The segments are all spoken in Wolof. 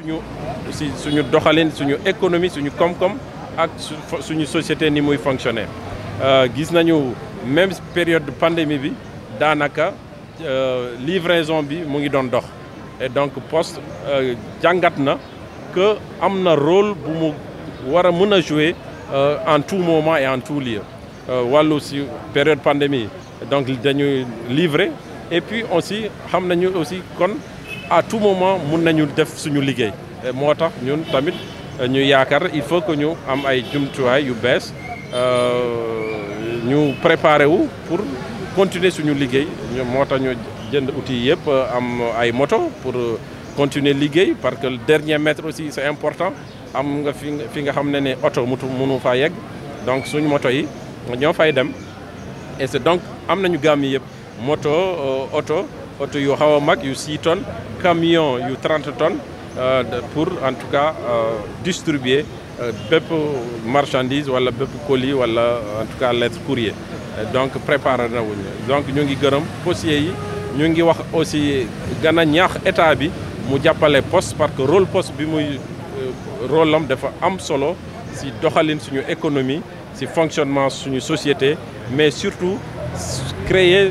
suñu si suñu doxalin suñu économie suñu koom-koom ak suñu société ni muy fonctionner euh, gis nañu même période de pandémie bi daanaka euh, livraison bi mu ngi doon dox et donc poste euh, jàngat na que amna rôle bu mu war a a jouer en tout moment et en tout lieu Walu si période pandémie donc dañuy livrer et puis aussi xam aussi kon à tout moment mun nañu def suñu liguey. moo tax ñun tamit euh, ñu yaakar il faut que ñu am ay jumtuwaay yu euh ñu préparer wu pour continuer suñu liggéey moo tax ñu jënd outil yépp euh, am ay moto pour euh, continuer liguey parce que le dernier mètre aussi c'est important am nga fi nga xamné né auto mu mënu fa yegg donc suñu moto yi ñoo fay dem et c'est donc amna ñu gam yi moto auto oto yu xaw a mag yu 6 tonnes camion yu 30 tonnes euh, pour en tout cas euh, distribuer euh, bépp marchandise wala bépp colis wala en tout cas lettre courrier donc préparé na donc ñu ngi gërëm postier yi ñu ngi wax aussi gën a ñaax état bi mu jàppale poste parce que rôle poste bi muy rôle am dafa am solo si doxalin suñu économie si fonctionnement suñu société mais surtout créer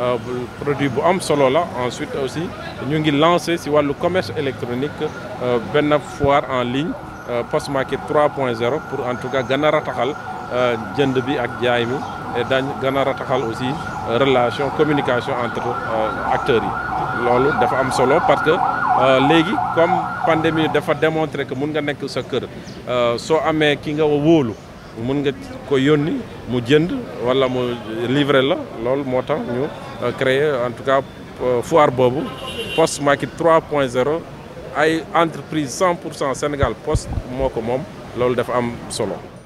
Euh, produit bu am solo la ensuite aussi ñu ngi lancé ci walu commerce électronique euh, benne foire en ligne post market 3.0 pour en tout cas gën a rataxal euh, jënd bi ak jaay et dañ gën rataxal aussi relation communication entre acteurs yi loolu dafa am solo parce que légui comme pandémie dafa démontrer que mun nga nekk sa kër so amé ki nga wóolu mun nga ko yónni mu jënd wala mu livrer la loolu moo tax ñu euh, créer en tout cas euh, foire boobu Post Market 3.0 ay entreprise 100 pour cent Sénégal Post moo ko moom loolu dafa am solo